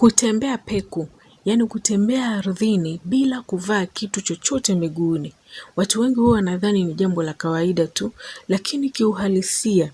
Kutembea peku, yaani kutembea ardhini bila kuvaa kitu chochote miguuni. Watu wengi huwa wanadhani ni jambo la kawaida tu, lakini kiuhalisia,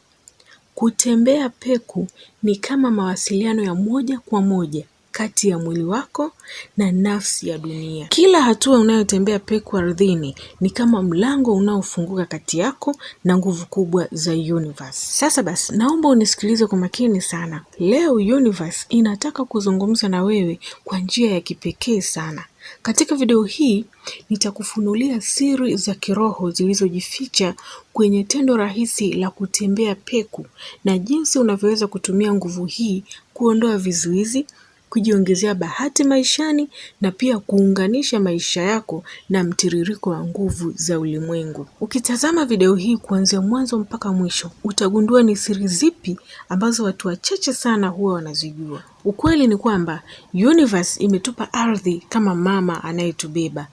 kutembea peku ni kama mawasiliano ya moja kwa moja kati ya mwili wako na nafsi ya dunia. Kila hatua unayotembea peku ardhini ni kama mlango unaofunguka kati yako na nguvu kubwa za universe. Sasa basi, naomba unisikilize kwa makini sana. Leo universe inataka kuzungumza na wewe kwa njia ya kipekee sana. Katika video hii nitakufunulia siri za kiroho zilizojificha kwenye tendo rahisi la kutembea peku na jinsi unavyoweza kutumia nguvu hii kuondoa vizuizi kujiongezea bahati maishani na pia kuunganisha maisha yako na mtiririko wa nguvu za ulimwengu. Ukitazama video hii kuanzia mwanzo mpaka mwisho, utagundua ni siri zipi ambazo watu wachache sana huwa wanazijua. Ukweli ni kwamba universe imetupa ardhi kama mama anayetubeba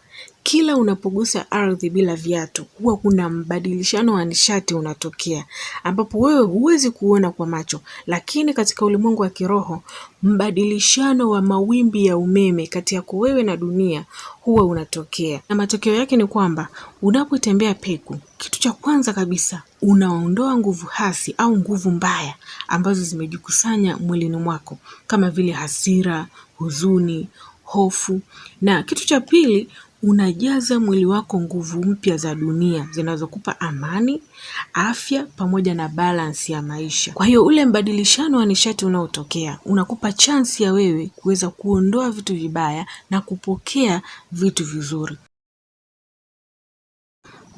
kila unapogusa ardhi bila viatu, huwa kuna mbadilishano wa nishati unatokea, ambapo wewe huwezi kuona kwa macho, lakini katika ulimwengu wa kiroho, mbadilishano wa mawimbi ya umeme kati yako wewe na dunia huwa unatokea, na matokeo yake ni kwamba unapotembea peku, kitu cha kwanza kabisa unaondoa nguvu hasi au nguvu mbaya ambazo zimejikusanya mwilini mwako kama vile hasira, huzuni, hofu, na kitu cha pili unajaza mwili wako nguvu mpya za dunia zinazokupa amani, afya pamoja na balansi ya maisha. Kwa hiyo ule mbadilishano wa nishati unaotokea unakupa chansi ya wewe kuweza kuondoa vitu vibaya na kupokea vitu vizuri.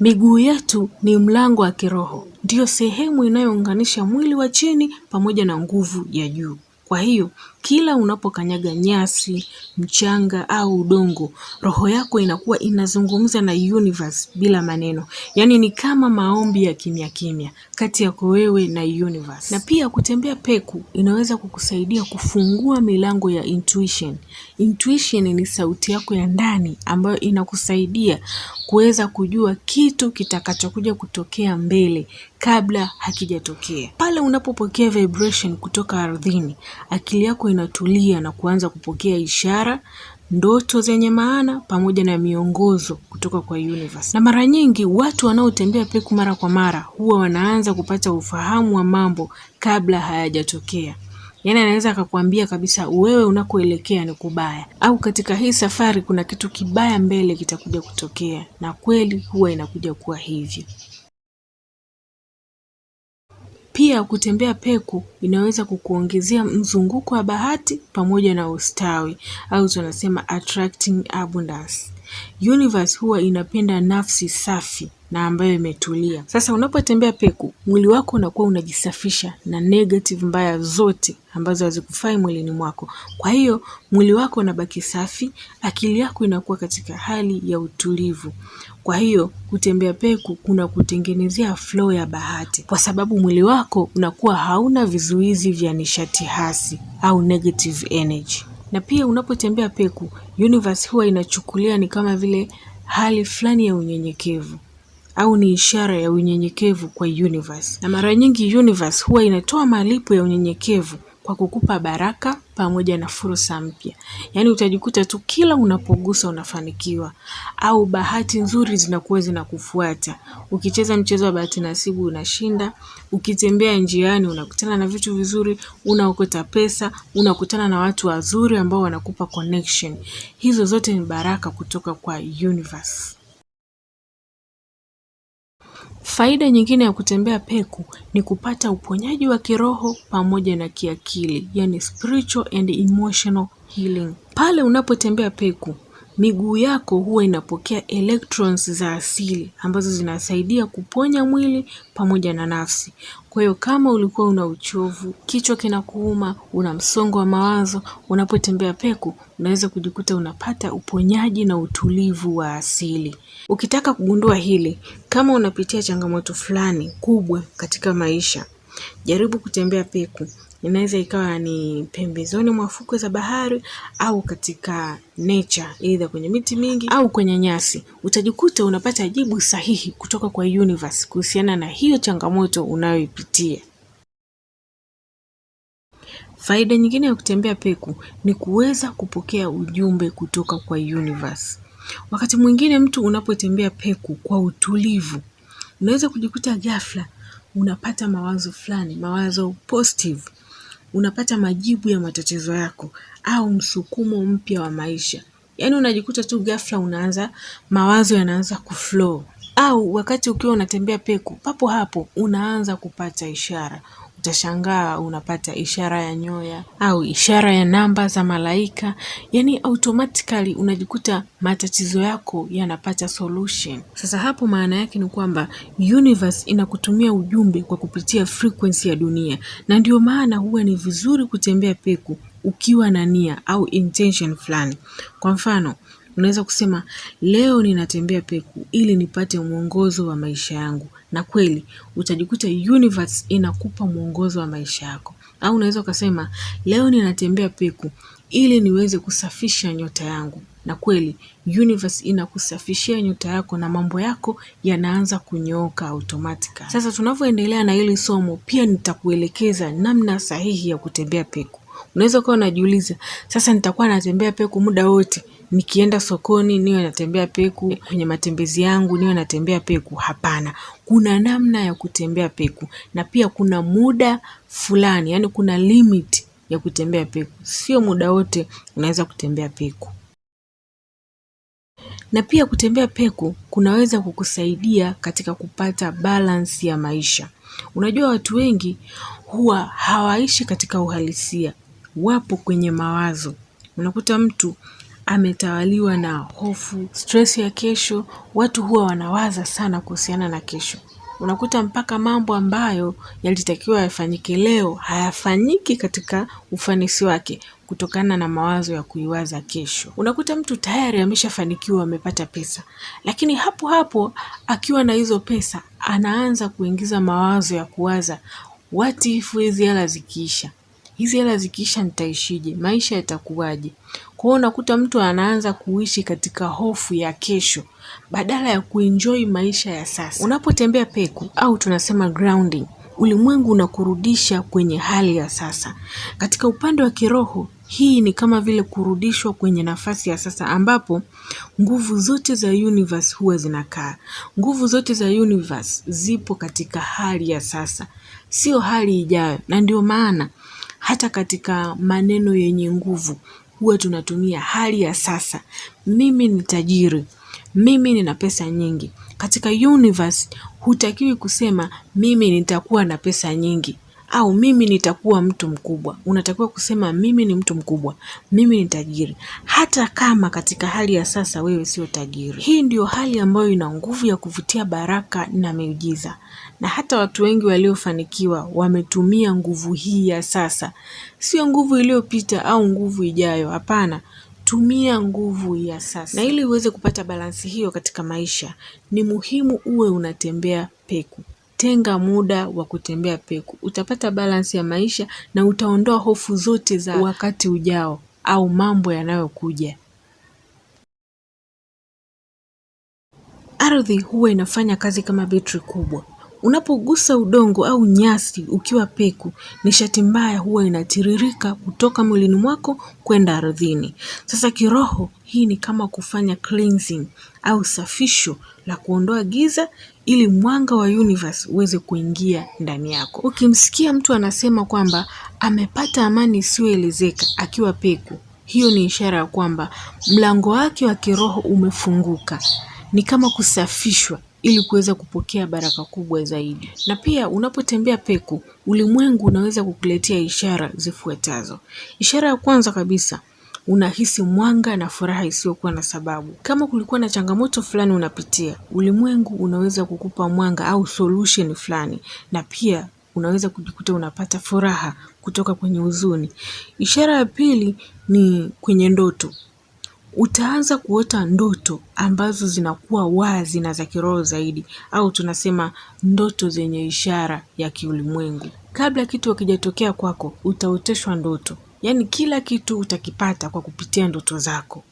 Miguu yetu ni mlango wa kiroho, ndiyo sehemu inayounganisha mwili wa chini pamoja na nguvu ya juu. Kwa hiyo kila unapokanyaga nyasi, mchanga au udongo, roho yako inakuwa inazungumza na universe bila maneno. Yaani ni kama maombi ya kimya kimya kati yako wewe na universe. Na pia kutembea peku inaweza kukusaidia kufungua milango ya intuition. Intuition ni sauti yako ya ndani ambayo inakusaidia kuweza kujua kitu kitakachokuja kutokea mbele kabla hakijatokea. Pale unapopokea vibration kutoka ardhini, akili yako zinatulia na kuanza kupokea ishara, ndoto zenye maana pamoja na miongozo kutoka kwa universe. Na mara nyingi watu wanaotembea peku mara kwa mara huwa wanaanza kupata ufahamu wa mambo kabla hayajatokea. Yaani anaweza akakwambia kabisa wewe unakoelekea ni kubaya, au katika hii safari kuna kitu kibaya mbele kitakuja kutokea, na kweli huwa inakuja kuwa hivyo. Pia kutembea peku inaweza kukuongezea mzunguko wa bahati pamoja na ustawi au tunasema attracting abundance. Universe huwa inapenda nafsi safi na ambayo imetulia. Sasa unapotembea peku, mwili wako unakuwa unajisafisha na negative mbaya zote ambazo hazikufai mwilini mwako. Kwa hiyo mwili wako unabaki safi, akili yako inakuwa katika hali ya utulivu. Kwa hiyo kutembea peku kuna kutengenezea flow ya bahati, kwa sababu mwili wako unakuwa hauna vizuizi vya nishati hasi au negative energy. Na pia unapotembea peku, universe huwa inachukulia ni kama vile hali fulani ya unyenyekevu au ni ishara ya unyenyekevu kwa universe, na mara nyingi universe huwa inatoa malipo ya unyenyekevu kwa kukupa baraka pamoja na fursa mpya. Yaani utajikuta tu kila unapogusa unafanikiwa, au bahati nzuri zinakuwa zinakufuata. Ukicheza mchezo wa bahati nasibu unashinda, ukitembea njiani unakutana na vitu vizuri, unaokota pesa, unakutana na watu wazuri ambao wanakupa connection. Hizo zote ni baraka kutoka kwa universe. Faida nyingine ya kutembea peku ni kupata uponyaji wa kiroho pamoja na kiakili, yani spiritual and emotional healing. Pale unapotembea peku miguu yako huwa inapokea electrons za asili ambazo zinasaidia kuponya mwili pamoja na nafsi. Kwa hiyo kama ulikuwa una uchovu, kichwa kinakuuma, una msongo wa mawazo, unapotembea peku unaweza kujikuta unapata uponyaji na utulivu wa asili. Ukitaka kugundua hili, kama unapitia changamoto fulani kubwa katika maisha, jaribu kutembea peku inaweza ikawa ni pembezoni mwa fukwe za bahari au katika nature, either kwenye miti mingi au kwenye nyasi, utajikuta unapata jibu sahihi kutoka kwa universe kuhusiana na hiyo changamoto unayoipitia. Faida nyingine ya kutembea peku ni kuweza kupokea ujumbe kutoka kwa universe. Wakati mwingine mtu unapotembea peku kwa utulivu, unaweza kujikuta ghafla unapata mawazo fulani, mawazo positive unapata majibu ya matatizo yako au msukumo mpya wa maisha. Yaani unajikuta tu ghafla unaanza mawazo yanaanza kuflow au wakati ukiwa unatembea peku papo hapo unaanza kupata ishara utashangaa unapata ishara ya nyoya au ishara ya namba za malaika, yani automatically unajikuta matatizo yako yanapata solution. Sasa hapo maana yake ni kwamba universe inakutumia ujumbe kwa kupitia frequency ya dunia, na ndio maana huwa ni vizuri kutembea peku ukiwa na nia au intention fulani. Kwa mfano unaweza kusema leo ninatembea peku ili nipate mwongozo wa maisha yangu, na kweli utajikuta universe inakupa mwongozo wa maisha yako. Au unaweza ukasema leo ninatembea peku ili niweze kusafisha nyota yangu na kweli universe inakusafishia nyota yako na mambo yako yanaanza kunyooka automatika Sasa tunavyoendelea na hili somo, pia nitakuelekeza namna sahihi ya kutembea peku. Unaweza ukawa unajiuliza, sasa nitakuwa natembea peku muda wote, nikienda sokoni niwe natembea peku, kwenye matembezi yangu niwe natembea peku. Hapana, kuna namna ya kutembea peku na pia kuna muda fulani, yani kuna limit ya kutembea peku, sio muda wote unaweza kutembea peku. Na pia kutembea peku kunaweza kukusaidia katika kupata balance ya maisha. Unajua watu wengi huwa hawaishi katika uhalisia, wapo kwenye mawazo. Unakuta mtu ametawaliwa na hofu, stress ya kesho. Watu huwa wanawaza sana kuhusiana na kesho, unakuta mpaka mambo ambayo yalitakiwa yafanyike leo hayafanyiki katika ufanisi wake kutokana na mawazo ya kuiwaza kesho. Unakuta mtu tayari ameshafanikiwa, amepata pesa, lakini hapo hapo akiwa na hizo pesa anaanza kuingiza mawazo ya kuwaza what if hizi hela zikiisha hizi hela zikiisha nitaishije, maisha yatakuwaje? Kwa hiyo unakuta mtu anaanza kuishi katika hofu ya kesho badala ya kuenjoy maisha ya sasa. Unapotembea peku au tunasema grounding, ulimwengu unakurudisha kwenye hali ya sasa. Katika upande wa kiroho, hii ni kama vile kurudishwa kwenye nafasi ya sasa ambapo nguvu zote za universe huwa zinakaa. Nguvu zote za universe zipo katika hali ya sasa, sio hali ijayo, na ndio maana hata katika maneno yenye nguvu huwa tunatumia hali ya sasa. Mimi ni tajiri, mimi nina pesa nyingi. Katika universe hutakiwi kusema mimi nitakuwa na pesa nyingi au mimi nitakuwa mtu mkubwa. Unatakiwa kusema mimi ni mtu mkubwa, mimi ni tajiri, hata kama katika hali ya sasa wewe sio tajiri. Hii ndiyo hali ambayo ina nguvu ya kuvutia baraka na miujiza, na hata watu wengi waliofanikiwa wametumia nguvu hii ya sasa, sio nguvu iliyopita au nguvu ijayo. Hapana, tumia nguvu ya sasa. Na ili uweze kupata balansi hiyo katika maisha, ni muhimu uwe unatembea peku tenga muda wa kutembea peku, utapata balansi ya maisha na utaondoa hofu zote za wakati ujao au mambo yanayokuja. Ardhi huwa inafanya kazi kama betri kubwa. Unapogusa udongo au nyasi ukiwa peku, nishati mbaya huwa inatiririka kutoka mwilini mwako kwenda ardhini. Sasa kiroho, hii ni kama kufanya cleansing au safisho la kuondoa giza ili mwanga wa universe uweze kuingia ndani yako. Ukimsikia mtu anasema kwamba amepata amani isiyoelezeka akiwa peku, hiyo ni ishara ya kwamba mlango wake wa kiroho umefunguka, ni kama kusafishwa ili kuweza kupokea baraka kubwa zaidi. Na pia unapotembea peku, ulimwengu unaweza kukuletea ishara zifuatazo. Ishara ya kwanza kabisa unahisi mwanga na furaha isiyokuwa na sababu. Kama kulikuwa na changamoto fulani unapitia, ulimwengu unaweza kukupa mwanga au solution fulani, na pia unaweza kujikuta unapata furaha kutoka kwenye huzuni. Ishara ya pili ni kwenye ndoto. Utaanza kuota ndoto ambazo zinakuwa wazi na za kiroho zaidi, au tunasema ndoto zenye ishara ya kiulimwengu. Kabla kitu hakijatokea kwako, utaoteshwa ndoto yaani kila kitu utakipata kwa kupitia ndoto zako.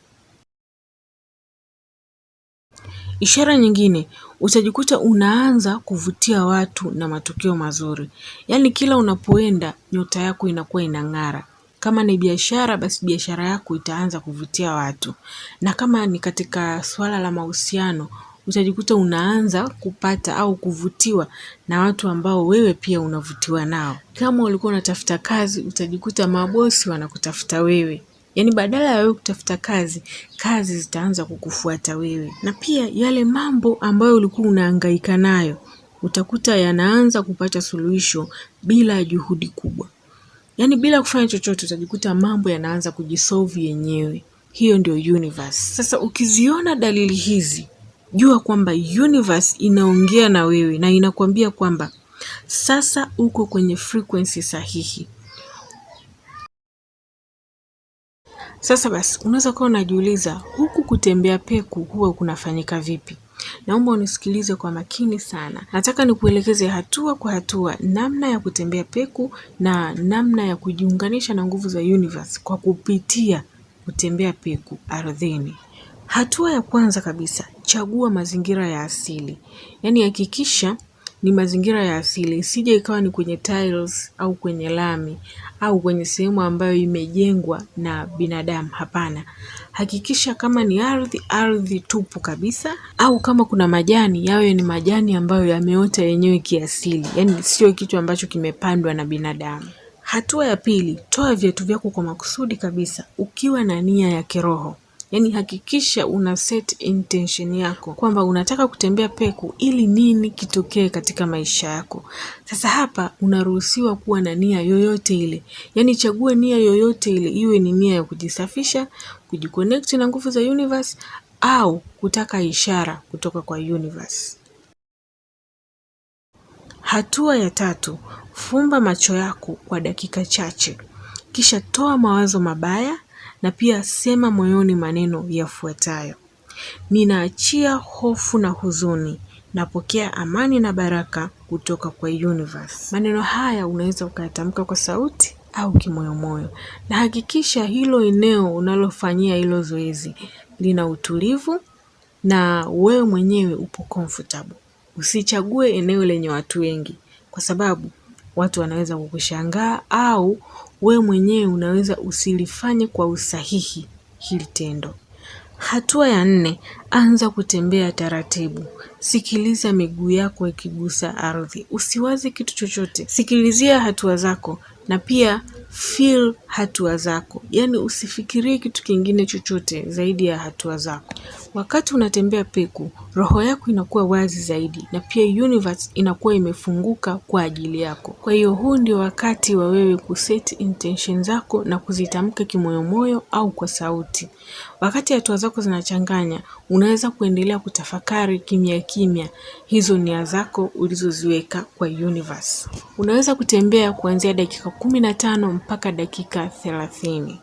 Ishara nyingine, utajikuta unaanza kuvutia watu na matokeo mazuri, yaani kila unapoenda nyota yako inakuwa inang'ara. Kama ni biashara, basi biashara yako itaanza kuvutia watu, na kama ni katika swala la mahusiano, utajikuta unaanza kupata au kuvutiwa na watu ambao wewe pia unavutiwa nao. Kama ulikuwa unatafuta kazi, utajikuta mabosi wanakutafuta wewe, yaani badala ya wewe kutafuta kazi, kazi zitaanza kukufuata wewe. Na pia yale mambo ambayo ulikuwa unahangaika nayo utakuta yanaanza kupata suluhisho bila juhudi kubwa, yaani bila kufanya chochote, utajikuta mambo yanaanza kujisolve yenyewe. Hiyo ndio universe. Sasa ukiziona dalili hizi jua kwamba universe inaongea na wewe na inakwambia kwamba sasa uko kwenye frequency sahihi. Sasa basi, unaweza kuwa unajiuliza huku kutembea peku huwa kunafanyika vipi? Naomba unisikilize kwa makini sana. Nataka nikuelekeze hatua kwa hatua namna ya kutembea peku na namna ya kujiunganisha na nguvu za universe kwa kupitia kutembea peku ardhini. Hatua ya kwanza kabisa, chagua mazingira ya asili, yaani hakikisha ni mazingira ya asili, sije ikawa ni kwenye tiles au kwenye lami au kwenye sehemu ambayo imejengwa na binadamu. Hapana, hakikisha kama ni ardhi, ardhi tupu kabisa, au kama kuna majani, yawe ni majani ambayo yameota yenyewe kiasili, yaani sio kitu ambacho kimepandwa na binadamu. Hatua ya pili, toa viatu vyako kwa makusudi kabisa, ukiwa na nia ya kiroho yani hakikisha una set intention yako kwamba unataka kutembea peku ili nini kitokee katika maisha yako. Sasa hapa unaruhusiwa kuwa na nia yoyote ile, yani chague nia yoyote ile, iwe ni nia ya kujisafisha, kujiconnect na nguvu za universe au kutaka ishara kutoka kwa universe. Hatua ya tatu, fumba macho yako kwa dakika chache, kisha toa mawazo mabaya na pia sema moyoni maneno yafuatayo: ninaachia hofu na huzuni, napokea amani na baraka kutoka kwa universe. Maneno haya unaweza ukayatamka kwa sauti au kimoyomoyo, na hakikisha hilo eneo unalofanyia hilo zoezi lina utulivu na wewe mwenyewe upo comfortable. Usichague eneo lenye watu wengi, kwa sababu watu wanaweza kukushangaa au wewe mwenyewe unaweza usilifanye kwa usahihi hili tendo. Hatua ya nne, anza kutembea taratibu. Sikiliza miguu yako ikigusa ardhi, usiwaze kitu chochote. Sikilizia hatua zako na pia feel hatua zako, yaani usifikirie kitu kingine chochote zaidi ya hatua zako. Wakati unatembea peku, roho yako inakuwa wazi zaidi na pia universe inakuwa imefunguka kwa ajili yako. Kwa hiyo huu ndio wakati wa wewe kuset intention zako na kuzitamka kimoyomoyo au kwa sauti. Wakati hatua zako zinachanganya, unaweza kuendelea kutafakari kimya kimya hizo nia zako ulizoziweka kwa universe. Unaweza kutembea kuanzia dakika kumi na tano mpaka dakika thelathini.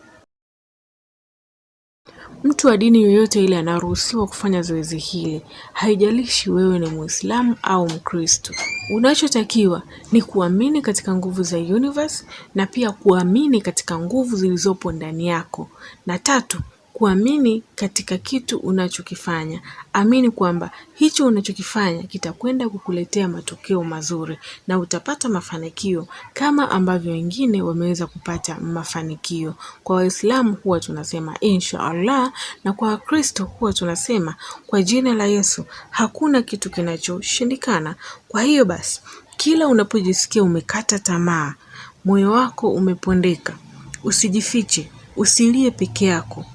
Mtu wa dini yoyote ile anaruhusiwa kufanya zoezi hili, haijalishi wewe ni Muislamu au Mkristo. Unachotakiwa ni kuamini katika nguvu za universe na pia kuamini katika nguvu zilizopo ndani yako, na tatu kuamini katika kitu unachokifanya. Amini kwamba hicho unachokifanya kitakwenda kukuletea matokeo mazuri na utapata mafanikio kama ambavyo wengine wameweza kupata mafanikio. Kwa Waislamu huwa tunasema insha Allah, na kwa Wakristo huwa tunasema kwa jina la Yesu. Hakuna kitu kinachoshindikana. Kwa hiyo basi, kila unapojisikia umekata tamaa, moyo wako umepondeka, usijifiche, usilie peke yako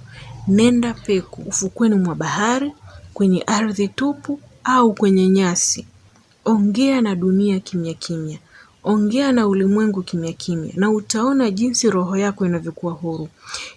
nenda peku ufukweni mwa bahari, kwenye ardhi tupu au kwenye nyasi. Ongea na dunia kimya kimya, ongea na ulimwengu kimya kimya, na utaona jinsi roho yako inavyokuwa huru.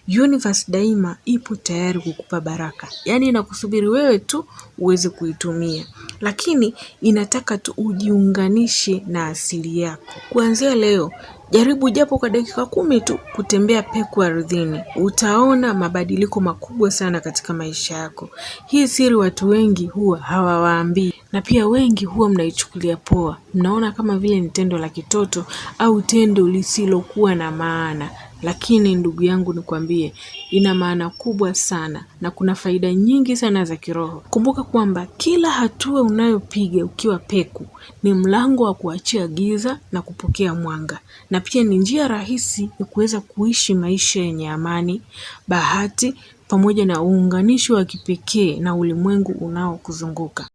Universe daima ipo tayari kukupa baraka, yaani inakusubiri wewe tu uweze kuitumia, lakini inataka tu ujiunganishe na asili yako. Kuanzia leo Jaribu japo kwa dakika kumi tu kutembea peku ardhini, utaona mabadiliko makubwa sana katika maisha yako. Hii siri watu wengi huwa hawawaambii, na pia wengi huwa mnaichukulia poa, mnaona kama vile ni tendo la kitoto au tendo lisilokuwa na maana. Lakini ndugu yangu, nikwambie ina maana kubwa sana na kuna faida nyingi sana za kiroho. Kumbuka kwamba kila hatua unayopiga ukiwa peku ni mlango wa kuachia giza na kupokea mwanga, na pia ni njia rahisi ya kuweza kuishi maisha yenye amani, bahati pamoja na uunganishi wa kipekee na ulimwengu unaokuzunguka.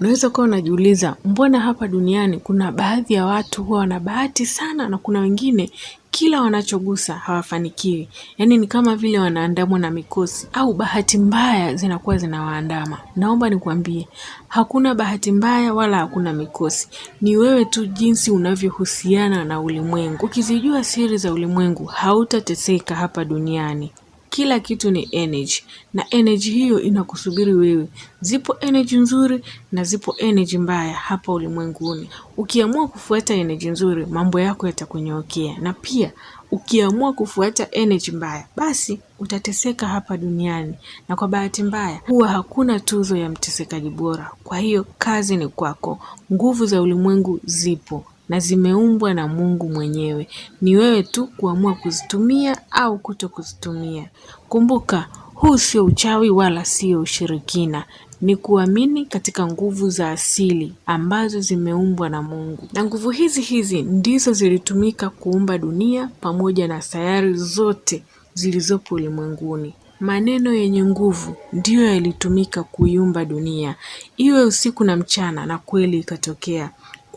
Unaweza ukawa unajiuliza mbona hapa duniani kuna baadhi ya watu huwa wana bahati sana na kuna wengine kila wanachogusa hawafanikiwi, yaani ni kama vile wanaandamwa na mikosi au bahati mbaya zinakuwa zinawaandama. Naomba nikuambie, hakuna bahati mbaya wala hakuna mikosi, ni wewe tu jinsi unavyohusiana na ulimwengu. Ukizijua siri za ulimwengu, hautateseka hapa duniani. Kila kitu ni energy na energy hiyo inakusubiri wewe. Zipo energy nzuri na zipo energy mbaya hapa ulimwenguni. Ukiamua kufuata energy nzuri, mambo yako yatakunyookea, na pia ukiamua kufuata energy mbaya, basi utateseka hapa duniani, na kwa bahati mbaya huwa hakuna tuzo ya mtesekaji bora. Kwa hiyo kazi ni kwako, nguvu za ulimwengu zipo, na zimeumbwa na Mungu mwenyewe. Ni wewe tu kuamua kuzitumia au kuto kuzitumia. Kumbuka, huu sio uchawi wala sio ushirikina. Ni kuamini katika nguvu za asili ambazo zimeumbwa na Mungu, na nguvu hizi hizi ndizo zilitumika kuumba dunia pamoja na sayari zote zilizopo ulimwenguni. Maneno yenye nguvu ndiyo yalitumika kuiumba dunia iwe usiku na mchana, na kweli ikatokea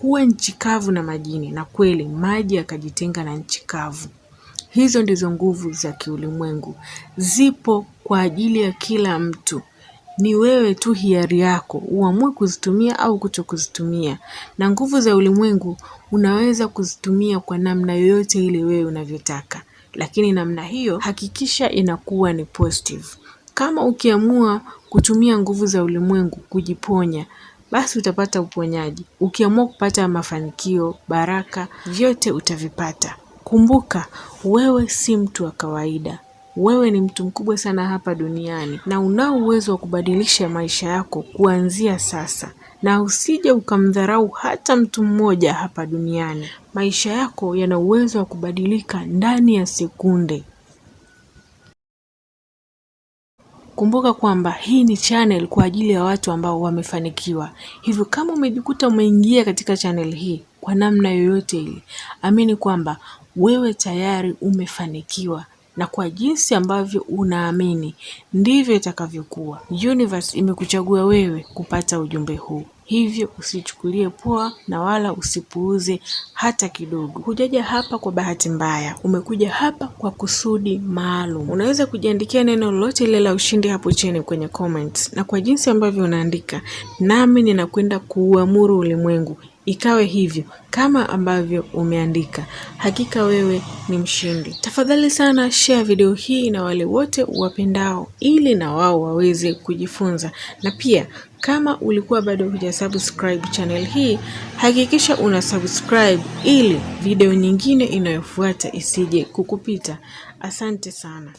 kuwe nchi kavu na majini, na kweli maji yakajitenga na nchi kavu. Hizo ndizo nguvu za kiulimwengu, zipo kwa ajili ya kila mtu. Ni wewe tu hiari yako uamue kuzitumia au kuto kuzitumia, na nguvu za ulimwengu unaweza kuzitumia kwa namna yoyote ile wewe unavyotaka, lakini namna hiyo hakikisha inakuwa ni positive. Kama ukiamua kutumia nguvu za ulimwengu kujiponya basi utapata uponyaji. Ukiamua kupata mafanikio, baraka, vyote utavipata. Kumbuka, wewe si mtu wa kawaida. Wewe ni mtu mkubwa sana hapa duniani na unao uwezo wa kubadilisha maisha yako kuanzia sasa, na usije ukamdharau hata mtu mmoja hapa duniani. Maisha yako yana uwezo wa kubadilika ndani ya sekunde. Kumbuka kwamba hii ni channel kwa ajili ya watu ambao wamefanikiwa. Hivyo kama umejikuta umeingia katika channel hii kwa namna yoyote ile, amini kwamba wewe tayari umefanikiwa na kwa jinsi ambavyo unaamini ndivyo itakavyokuwa. Universe imekuchagua wewe kupata ujumbe huu, hivyo usichukulie poa na wala usipuuze hata kidogo. Hujaja hapa kwa bahati mbaya, umekuja hapa kwa kusudi maalum. Unaweza kujiandikia neno lolote lile la ushindi hapo chini kwenye comments, na kwa jinsi ambavyo unaandika, nami ninakwenda kuuamuru ulimwengu Ikawe hivyo kama ambavyo umeandika. Hakika wewe ni mshindi. Tafadhali sana share video hii na wale wote uwapendao, ili na wao waweze kujifunza. Na pia kama ulikuwa bado hujasubscribe channel hii, hakikisha una subscribe ili video nyingine inayofuata isije kukupita. Asante sana.